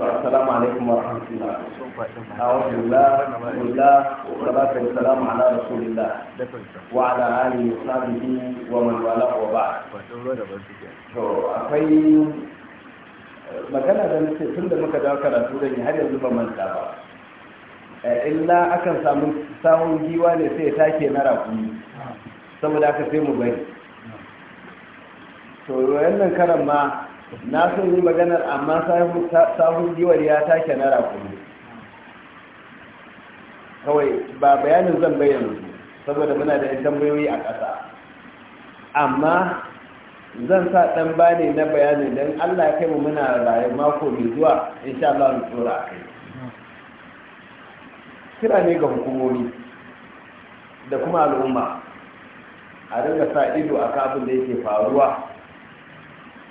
السلام عليكم ورحمة الله أعوذ بالله بسم الله والصلاة والسلام على رسول الله وعلى آله وصحبه ومن والاه وبعد akwai eh, magana da nake tun da muka dawo karatu da ni har yanzu ba manta ba eh, illa akan samu samun giwa ne sai ya take na rakumi saboda aka sai mu bari to karan ma na so yi maganar amma sahun giwar ya take na rakuni kawai ba bayanin zan bayyana saboda muna da tambayoyi a ƙasa amma zan sa ɗan ne na bayani don allah ya kai mu muna raye mako mai zuwa insha Allah mu tsora a kai kira ne ga hukumomi da kuma al'umma a ringa sa ido a kafin da yake faruwa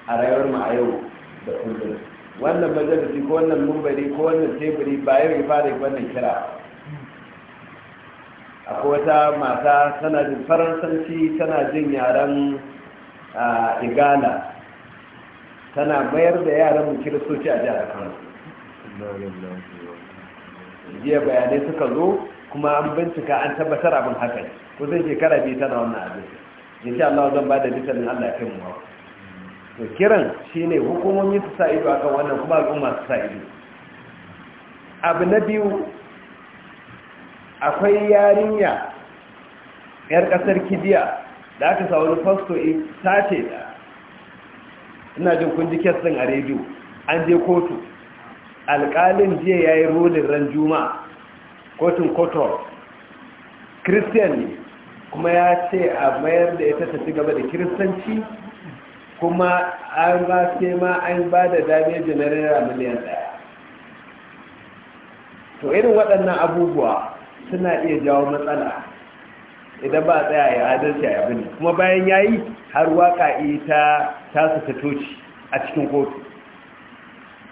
a rayuwar mu a yau da kullum wannan majalisi ko wannan mumbari ko wannan teburi ba yau ya fara wannan kira akwai wata mata tana jin faransanci tana jin yaren igala tana mayar da yaran mu kiristoci a jihar kano jiya bayanai suka zo kuma an bincika an tabbatar abin hakan, ko zai shekara biyu tana wannan abin insha Allah zan ba da bisalin Allah ya kai mu da kiran ne hukumomi su sa ido akan wannan kuma al'umma su sa ido abu na biyu akwai yarinya yar kasar kibiya da aka sa wani fasto in ce da ina jin kun ji kyastin a rediyo an je kotu alƙalin jiya ya yi rolin ran juma'a, kotun kotun christian ne kuma ya ce a mayar da ita ta ci gaba da kiristanci kuma an ba sai ma an ba da damage naira miliyan ɗaya to irin waɗannan abubuwa suna iya jawo matsala idan ba tsaya ya adalci a yabi kuma bayan ya yi har waka ita ta su ta toci a cikin kotu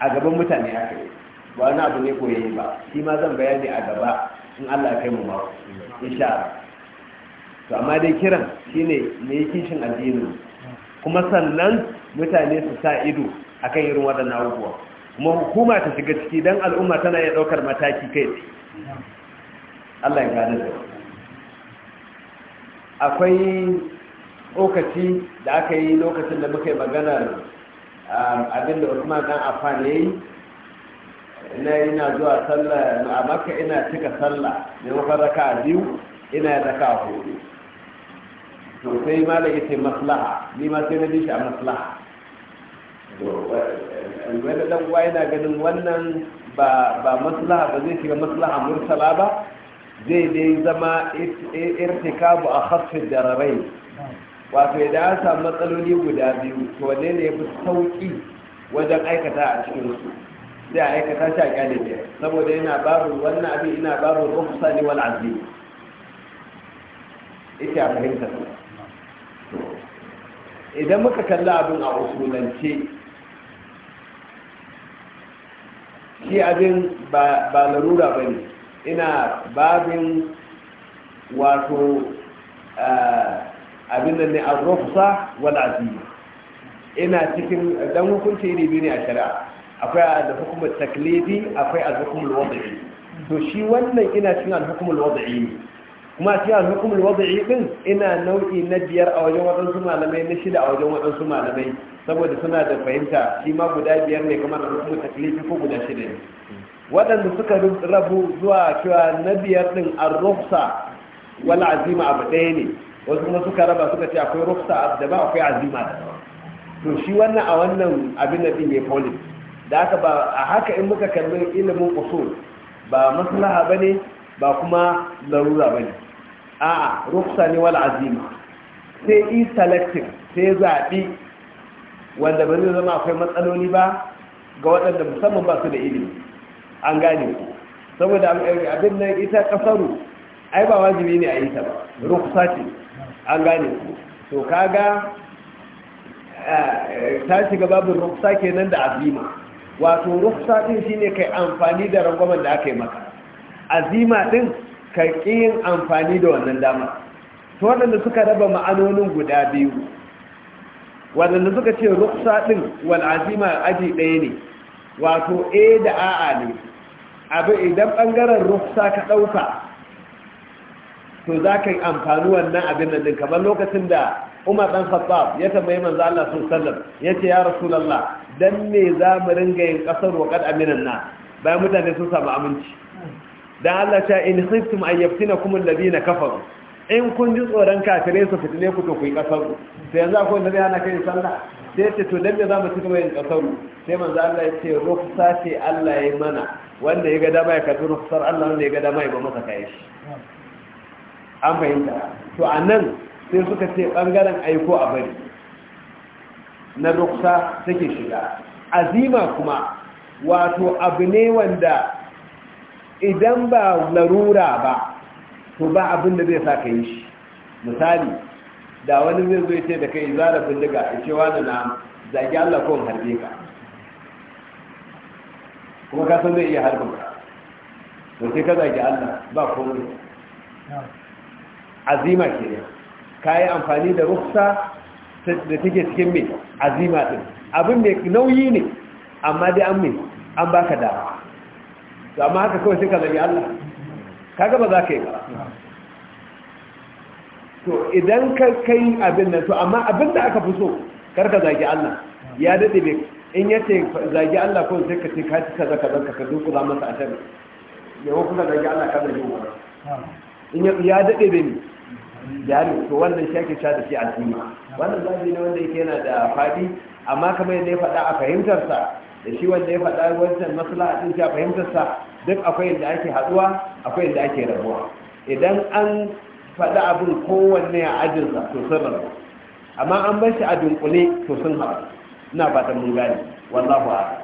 a gaban mutane ya yi ba wani abu ne koyi ba shi ma zan bayani a gaba in allah kai mu mako insha to amma dai kiran shine ne kishin addinin kuma sannan mutane su sa ido akan irin waɗannan abubuwa kuma hukuma ta shiga ciki don al'umma tana iya ɗaukar mataki kai Allah ya gane da akwai lokaci da aka yi lokacin da muka yi maganar um, abinda Usman dan Affan yayi ina ina zuwa sallah a Makka ina cika sallah ne mafarka biyu ina raka hudu to sai malam yace maslaha ni ma sai na bi shi a maslaha wani dan uwa yana ganin wannan ba ba maslaha ba zai shiga maslaha mursala ba zai dai zama irtikabu a khasfin dararai wato idan an samu matsaloli guda biyu to wanne ne fi sauki wajen aikata a cikin su sai a aikata shi a kyalibe saboda yana babu wannan abin ina babu rufsa ne wal azim ita fahimta su idan muka kalli abin a usulance shi abin ba larura ba ne ina babin wato eh, abin da ne a wal'azima ina cikin dan hukunci iri biyu ne a shari'a akwai alhukumar da akwai alhukumar hukumar to shi wannan ina cikin alhukumar hukumar ne kuma shi al-hukmul wad'i din ina nau'i na biyar a wajen waɗansu malamai na shida a wajen waɗansu malamai saboda suna da fahimta shi ma guda biyar ne kamar al-hukmul taklifi ko guda shida ne waɗanda suka rabu zuwa cewa na biyar din a rukhsa wal azima abu ɗaya ne wasu kuma suka raba suka ce akwai rukhsa da ba akwai azima da to shi wannan a wannan abin da din ya policy da haka ba a haka in muka kalli ilimin usul ba maslaha bane ba kuma larura bane a ruksa ne wal azima sai yi selectin sai zaɓi wanda ba zai zama akwai matsaloli ba ga waɗanda musamman ba su da ilimi an gane ku saboda abin nan ita kasaru ai ba wajibi ne a yi ta ba ruksa ce an gane ku to kaga eh, ta shiga babin ruksa kenan da azima wato ruksa ɗin shine kai amfani da rangwamen da aka yi maka azima ɗin. ka yin amfani da wannan dama to waɗanda suka raba ma'anonin guda biyu waɗanda suka ce ruksa ɗin wal'azima aji ɗaya ne wato a da a'a ne abu idan ɓangaren ruksa ka ɗauka to za ka yi amfani wannan abin nan kamar lokacin da umar ɗan khattab ya tambayi manzo Allah sun sallam ya ce ya rasulallah dan me za mu ringa yin ƙasar wa kad aminan na bayan mutane sun samu aminci da Allah ta in khiftum an kum alladhina kafaru in kun ji tsoron kafirai su fitile ku to ku yi kasar sai yanzu akwai da yana kai sallah sai ce to dan me za mu ci gaba yin kasar sai manzo Allah ya ce rufsa ce Allah ya mana wanda ya ga dama ya karbi rufsar Allah wanda ya ga dama ya ba masa kai shi an fahimta to anan sai suka ce bangaren aiko a bari na ruksa take shiga azima kuma wato abu ne wanda idan ba larura ba to ba abin da zai sa ka yi shi misali da wani zai zo ce da kai zara bindiga a cewa da na zagi Allah ko harbe ka kuma ka san zai iya harbe ka to sai ka zagi Allah ba komai azima ke ne ka yi amfani da ruksa da take cikin mai azima din abin da nauyi ne amma dai an mai an baka dama to amma haka kawai sai ka zagi Allah Ka gaba za ka yi ba to idan ka kai abin nan to amma abin da aka fi so kar ka zagi Allah ya dade bai in yace zagi Allah ko sai ka ce ka ci kaza ka duku za masa ashar ne ko kuma zagi Allah ka zagi in ya dade bai ne ya ne to wannan shake sha da shi al'umma wannan zagi ne wanda yake yana da faɗi, amma kamar yadda ya faɗa a fahimtarsa da shi wanda ya faɗa wancan maslaha din shi a fahimtarsa duk akwai inda ake haduwa akwai inda ake rabuwa idan an faɗi abin kowanne a ajinsa to sun rabu amma an bar shi a dunkule to sun haɗu ina fatan mun gani, wallahu a'lam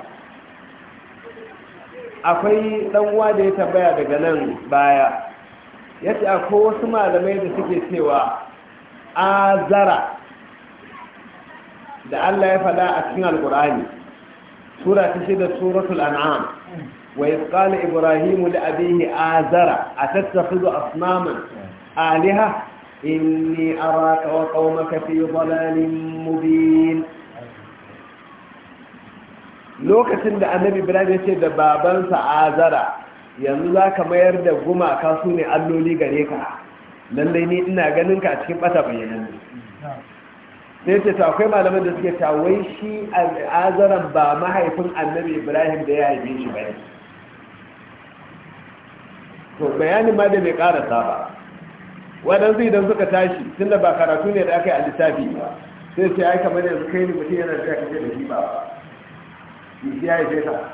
akwai dan uwa da ya tambaya daga nan baya yace akwai wasu malamai da suke cewa azara da Allah ya faɗa a cikin alkur'ani sura ta shida suratul an'am wa idh qala ibrahimu li abihi azara atattakhidhu asnaman alaha inni araka wa qaumaka fi dhalalin mubin lokacin da annabi ibrahim ya ce da babansa azara yanzu za ka mayar da gumaka sune ne alloli gare ka lallai ni ina ganin ka a cikin bata bayanan sai ce ta akwai malaman da suke ta wai shi azaran ba mahaifin annabi ibrahim da ya haife shi bane to bayanin ma da bai karasa ba waɗansu idan suka tashi tun da ba karatu ne da aka yi a littafi ba sai ce ai kamar yanzu kai ne mutum yana da kake da shi ba shi ya haife ta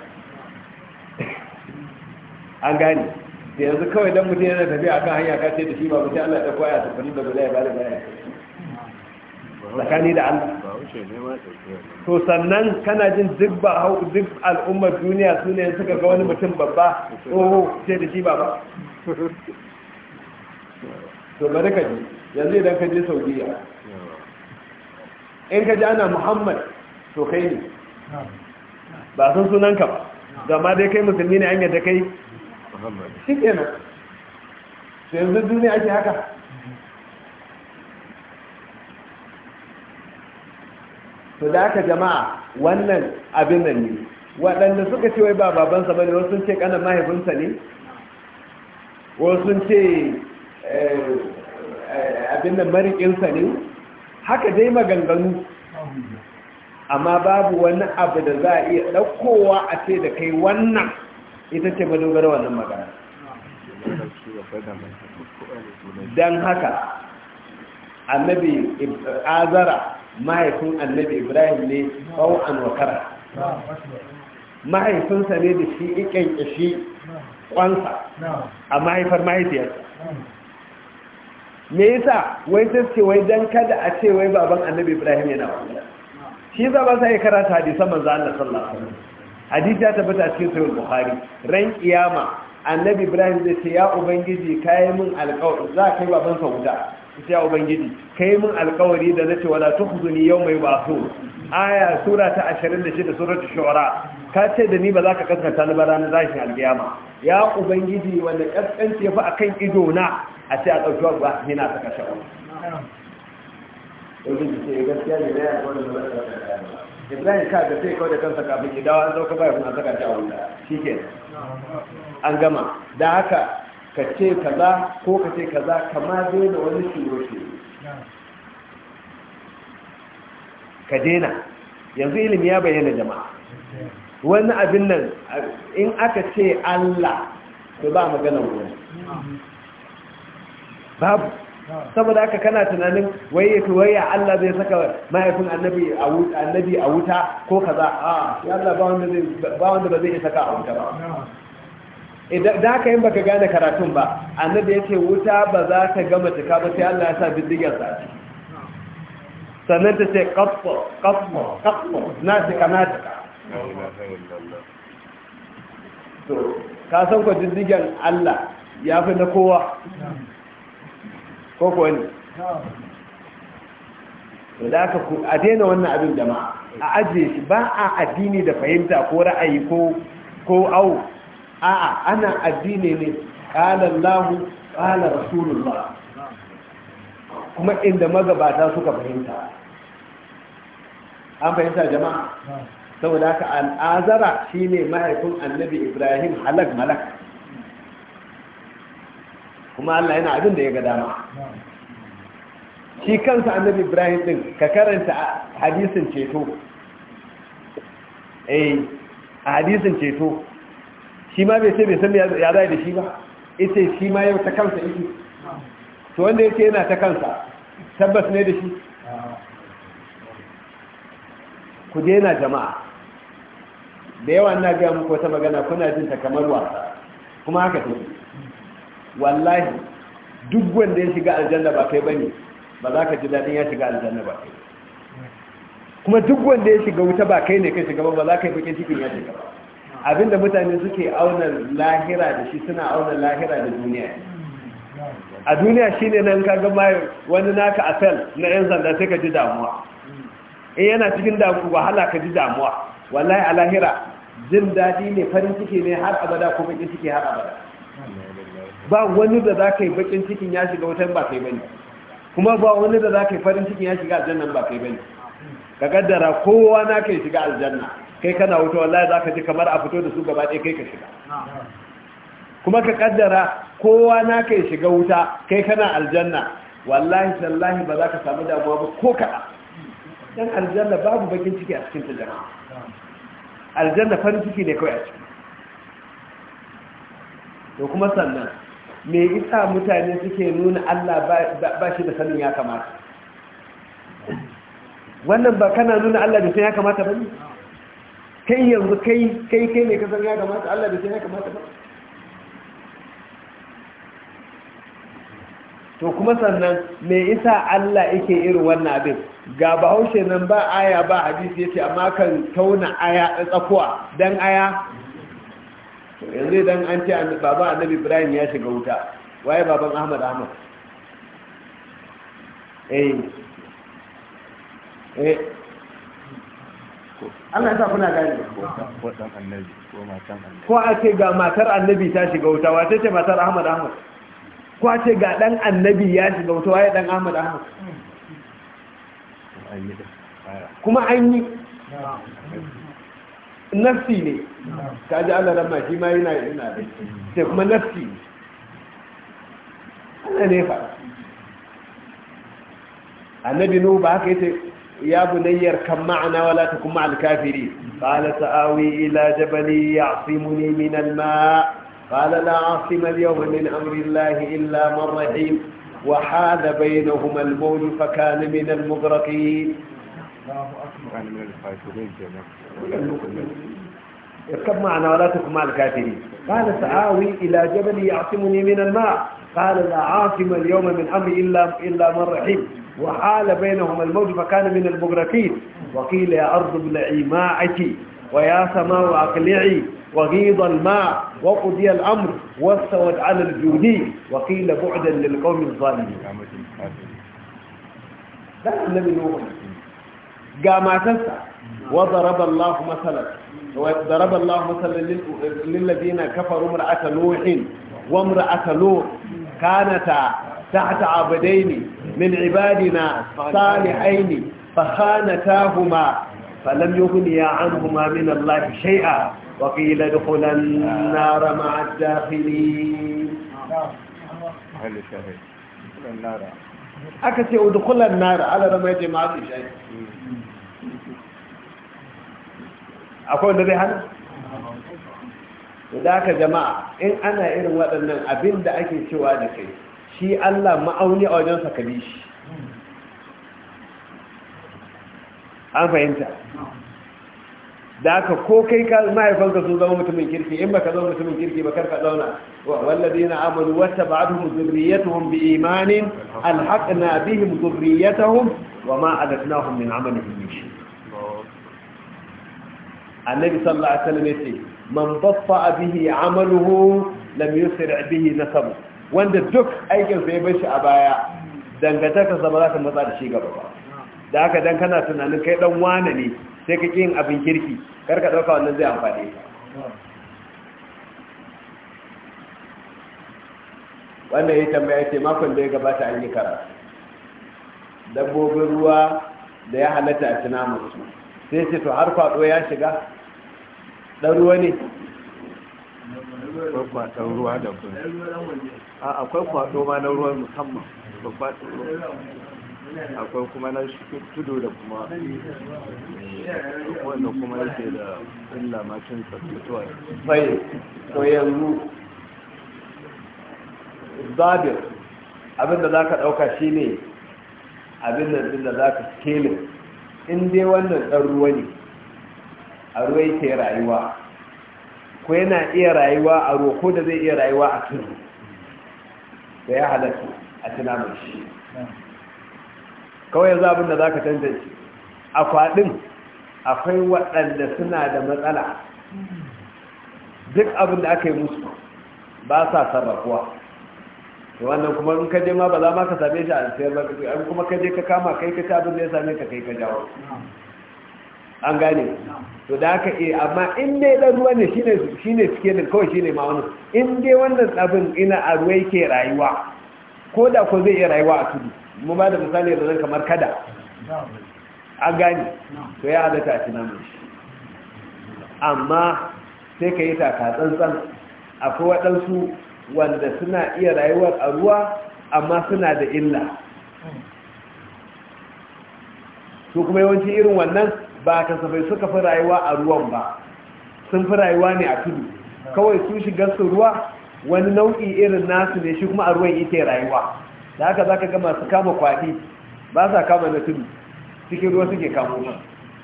an gane da yanzu kawai dan mutum yana tafiya akan hanya ka ce da shi ba mutum Allah ya koya tafanin da ba zai ba da bayan tsakani da Allah to sannan kana jin duk ba hau duk al'ummar duniya su ne suka ga wani mutum babba tsoho ce da shi baba to bari ka ji yanzu idan ka je saudiya in ka ji ana muhammad to kai ne ba sun ka ba gama dai kai musulmi ne an yadda kai shi kenan yanzu duniya ake haka to da aka jama'a wannan abin nan ne waɗanda suka ce wai ba babansa ba ne wasu sun ce ƙanan mahaifinsa ne wasu sun ce eh, eh, abin nan mariƙinsa ne haka dai maganganu amma babu wani abu da za a iya ɗaukowa a ce da kai wannan ita ce madogara wannan magana don haka annabi azara mahaifin annabi ibrahim ne tsawon wakara mahaifinsa ne da shi ikenke shi kwansa a mahaifar mahaifiyarsa me yasa wai sai wai dan kada a ce wai baban annabi ibrahim yana wanda shi zaba ba sai karanta hadisan manzo Allah sallallahu alaihi hadisi ya tabbata cikin sahih bukhari ran kiyama annabi ibrahim zai ce ya ubangiji kai min alƙawari za kai baban sa wuta ya ubangiji kai min alkawari da nace wala tukhzuni yawma yub'athun aya sura ta 26 suratu shu'ara ka ce da ni ba za ka kaskanta ni ba ranar zashi alkiyama ya ubangiji wanda kaskanci ya fi akan ido na a ce a dauki wa ni na saka shawa ubangiji ce eh, gaskiya ne da ya kawai da Ibrahim ka ga sai kawai da kansa kafin ya dawo an zauka bayan an saka shi a wanda shi ke an gama da haka ka ce kaza ko ka ce kaza kama daina wani shiroshe ka daina yanzu ilimi ya bayyana jama'a wani abin nan in aka ce Allah to ba maganar wani babu saboda haka kana tunanin waye to waye Allah zai saka mahaifin annabi a wuta annabi a wuta ko kaza a Allah ba wanda zai ba wanda ba zai saka a wuta ba idan da ka yin baka gane karatun ba annabi yake wuta ba za ta gama cika ba sai Allah ya sa bidigar sa sannan ta ce qatfa qatfa qatfa na ta na ta to ka san ko diddigar Allah ya fi na kowa ko ko ne to da ka ku a daina wannan abin jama'a a ajiye shi ba a addini da fahimta ko ra'ayi ko ko au a'a ana addini ne qala Allah qala rasulullah kuma inda magabata suka fahimta an fahimta jama'a saboda haka al'azara shine mahaifin annabi Ibrahim halak malak kuma Allah yana abin da ya ga dama shi kansa annabi ibrahim din ka karanta hadisin ceto eh hadisin ceto shi ma bai ce bai san ya zai da shi ba ita shi ma yau ta kansa ita. to wanda yake yana ta kansa tabbas ne da shi ku na jama'a da yawa na gaya muku wata magana kuna jin ta kamar wasa kuma haka take wallahi duk wanda ya shiga aljanna ba kai bane ba za ka ji dadin ya shiga aljanna ba kai kuma duk wanda ya shiga wuta ba kai ne kai shiga ba ba za ka yi bakin cikin ya shiga ba abinda mutane suke auna lahira da shi suna auna lahira da duniya a duniya shi ne nan kaga mai wani naka a sel na yan zanda sai ka ji damuwa in yana cikin damu wahala ka ji damuwa wallahi a lahira jin daɗi ne farin ciki ne har abada ko bakin ciki har abada ba wani da za ka yi bakin cikin ya shiga wutan ba kai bane kuma ba wani da za ka yi farin cikin ya shiga aljanna ba kai bane ka kaddara kowa na kai shiga aljanna kai kana wuta wallahi za ka ji kamar a fito da su gaba ɗaya kai ka shiga kuma ka kaddara kowa na ka shiga wuta kai kana aljanna wallahi sallahi ba za ka samu damuwa ba ko kaɗa dan aljanna babu bakin ciki a cikin tajama aljanna farin ciki ne kawai a ciki to kuma sannan me isa mutane suke nuna Allah ba shi da sanin ya kamata wannan ba kana nuna Allah da sanin ya kamata ba ne kai yanzu kai kai kai ne kasar ya kamata Allah da sai ya kamata ba to kuma sannan me isa Allah yake irin wannan abin ga bahaushe nan ba aya ba hadisi yace amma kan tauna aya tsakuwa dan aya yanzu dan an ce baba annabi Ibrahim ya shiga wuta waye baban Ahmad Ahmad eh eh Allah ya sa kuna gani ko a ce ga matar annabi ta shiga wuta wata ce matar Ahmad Ahmad ko a ce ga dan annabi ya shiga wuta waye dan Ahmad Ahmad kuma an yi nafsi ne ta ji Allah ramma shi ma yana yana da kuma nafsi ne Allah ne fa annabi nuhu ba haka yace يا بني اركب معنا ولا تكن مع الكافرين قال سآوي إلى جبل يعصمني من الماء قال لا عاصم اليوم من أمر الله إلا من رحيم وحال بينهما الموج فكان من المغرقين اركب معنا ولا تكن مع الكافرين قال سآوي إلى جبل يعصمني من الماء قال لا عاصم اليوم من أمر إلا, إلا من رحيم وحال بينهما الموج فكان من المغرقين وقيل يا أرض ابلعي ماءك ويا سماء أقلعي وغيض الماء وقضي الأمر واستوت على الجودي وقيل بعدا للقوم الظالمين ده النبي نوح قام تنسى وضرب الله مثلا وضرب الله مثلا للذين كفروا امرأة نوح وامرأة لوط كانتا تحت عبدين min ibadina salihaini fa khanatahuma falam yughniya anhuma min Allah shay'a wa qila dukhulan nar ma'a ad-dakhilin aka ce udkhulan jama'a akwai wanda zai da aka jama'a in ana irin waɗannan abin da ake cewa da kai shi Allah ma'auni a wajen sakali shi an fahimta da aka ko kai ka mahaifanka sun zama mutumin kirki in ba ka zama mutumin kirki ba karka zauna wallazi na amalu wata ba'aduhum zurriyatuhum bi imanin alhaqna bihim zurriyatuhum wa ma alatnahum min amalihim min shay annabi sallallahu alaihi wasallam yace man baffa bihi amaluhu lam yusri bihi nasabuhu wanda duk aikinsa ya bai shi a baya dangantaka ba za ta matsa da shi gaba ba da haka dan kana tunanin kai dan wane ne sai ka kin abin kirki kar ka ɗauka wannan zai amfani wannan ya tambaya ce makon da ya gabata an yi kara dabbobin ruwa da ya halatta a tunamunsu sai ce to har kwaɗo ya shiga ɗan ruwa ne akwai kwaɗon ruwa da kun a akwai kwaɗo ma na ruwan musamman babba akwai kuma na tudu da kuma wanda kuma yake da illa macin tsakituwa bai ko yanzu zabir abinda za ka ɗauka shi ne abinda za ka skelin in dai wannan ɗan ruwa ne a ruwa yake rayuwa ko yana iya rayuwa a ruwa da zai iya rayuwa a tudu da ya halatta a tunanin shi kawai yanzu abin da za ka tantance a kwaɗin akwai waɗanda suna da matsala duk abin da aka yi musu ba sa sarrafuwa wannan kuma in ka je ma ba za ma ka same shi a sayar ba kuma kaje ka kama kai ka ci abin da ya same ka kai ka jawo an gane to da aka iya eh, amma in dai ɗan ruwa ne shi ne suke da kawai shi ne ma inda wannan tsabin ina a ruwa yake rayuwa ko da ko zai iya rayuwa a tudu mu ba da misali da zan kamar kada an gane to ya halatta a tunan amma sai ka yi taka tsantsan akwai waɗansu wanda suna iya rayuwar a ruwa amma suna da illa su kuma yawanci irin wannan ba kasafai suka fi rayuwa a ruwan ba sun fi rayuwa ne a tudu kawai su shiga su ruwa wani nau'i irin nasu ne shi kuma a ruwan ita rayuwa da haka za ka gama su kama kwaɗi ba sa kama na tudu cikin ruwa suke kamo ba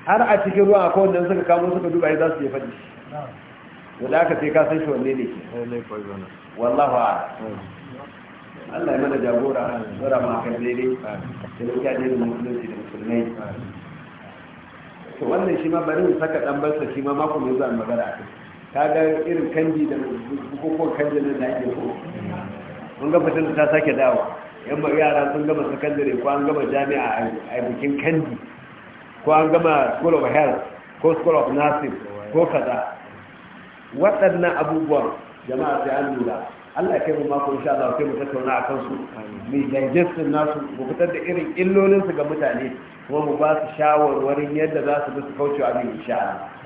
har a cikin ruwa a kowanne suka kamo suka duba ya za su je faɗi da haka sai ka san shi wanne ne eh, ke wallahu eh. Allah ya mana jagora, ma kan daidai, da da da musulmai. to wannan shi ma bari mu saka dan barsa shi ma mako mai zuwa magana a kai ga irin kanji da bukukuwan kanji nan da ake so mun ga fitin ta sake dawo. yan ba yara sun gama sakandare ko an gama jami'a a bikin kanji ko an gama school of health ko school of nursing ko kaza waɗannan abubuwan jama'a sai an lura Allah kai mu mako insha Allah kai mu tattauna a kansu mai digestion nasu mu fitar da irin illolin su ga mutane kuma mu ba su shawarwarin yadda za su bi su kauce wa abin insha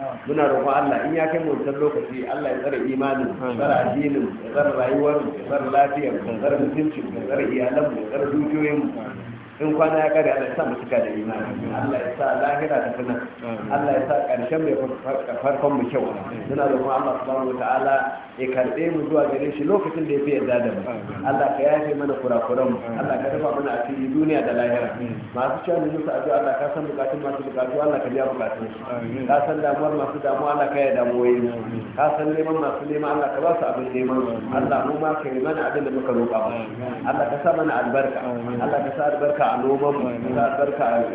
Allah muna roƙon Allah in ya kai mu wannan lokaci Allah ya tsare imanin ya tsare addinin ya tsare rayuwar ya tsare lafiyar ya tsare mutuncin ya tsare iyalan ya tsare dukiyoyin mu in kwana ya kare Allah ya sa mutuka da imani Allah ya sa lahira da fina Allah ya sa karshen mai farkon mu kyau da roƙon Allah subhanahu wataala ya karbe mu zuwa gare shi lokacin da ya fi yarda da mu Allah ka yafe mana kurakuran mu Allah ka dafa mana a cikin duniya da lahira masu cewa da musu addu'a Allah ka san bukatun masu bukatu Allah ka biya bukatun su ka san damuwar masu damuwa Allah ka ya damuwoyi ka san neman masu neman Allah ka ba su abin neman Allah mu ma ka yi mana abin da muka roƙa ba Allah ka sa mana albarka Allah ka sa albarka a noman ka albarka a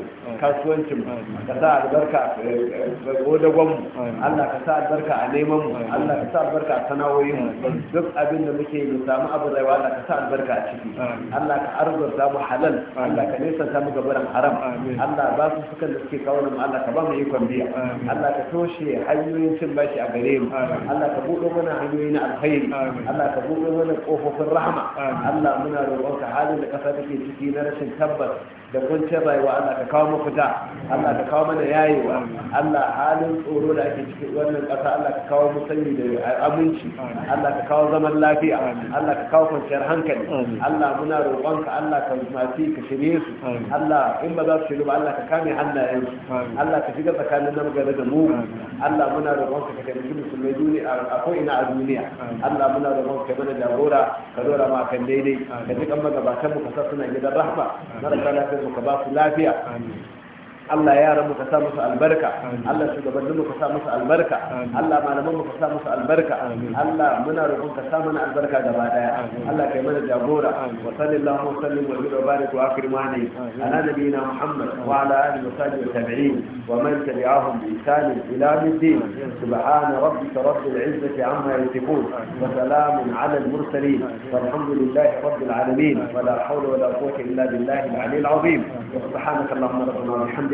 kasuwancin mu ka sa albarka a godagon mu Allah ka sa albarka a neman mu Allah ka sa albarka a sana'o'in mu duk abin da muke mu samu abin rayuwa Allah ka sa albarka a ciki Allah ka arzuta mu halal Allah ka nesanta mu gabaran haram Allah ba su sukan da suke kawo mu Allah ka ba mu ikon biya Allah ka toshe hanyoyin cin bashi a gare mu Allah ka buɗe mana hanyoyi na alkhairi Allah ka buɗe mana kofofin rahama Allah muna roƙonka halin da ƙasa take ciki na rashin tabbas tabbas da kwanciyar rayuwa Allah ka kawo mafita Allah ka kawo mana yayewa Allah halin tsoro da ake cikin wannan ƙasa Allah ka kawo musanni da aminci Allah ka kawo zaman lafiya Allah ka kawo kwanciyar hankali Allah muna roƙonka Allah ka mafi ka shirye su Allah in ba za su shiru ba Allah ka kame hannayen su Allah ka shiga tsakanin namgare da mu Allah muna roƙonka ka taimaki musulmai duniya a ko ina a duniya Allah muna roƙonka ka mana jagora ka dora ma kan daidai ka ji kan magabatan mu ka sa suna gidan rahma marasa lafiya mu ka ba su lafiya Allah ya rabu ka sa musu albarka Allah shugabannin mu ka sa musu albarka Allah malaman mu ka sa musu albarka Allah muna roƙon ka sa mana albarka gaba daya Allah kai mana jagora wa sallallahu wa sallim wa bida barik wa akrim wa ali ala nabiyina Muhammad wa ala alihi wa sahbihi tabi'in wa man tabi'ahum bi ihsan ila yawmiddin subhana rabbika rabbil izzati amma yasifun wa salamun ala al mursalin walhamdulillahi rabbil alamin wa la hawla wa la quwwata illa billahi al aliyyil azim subhanaka allahumma rabbana wa bihamdika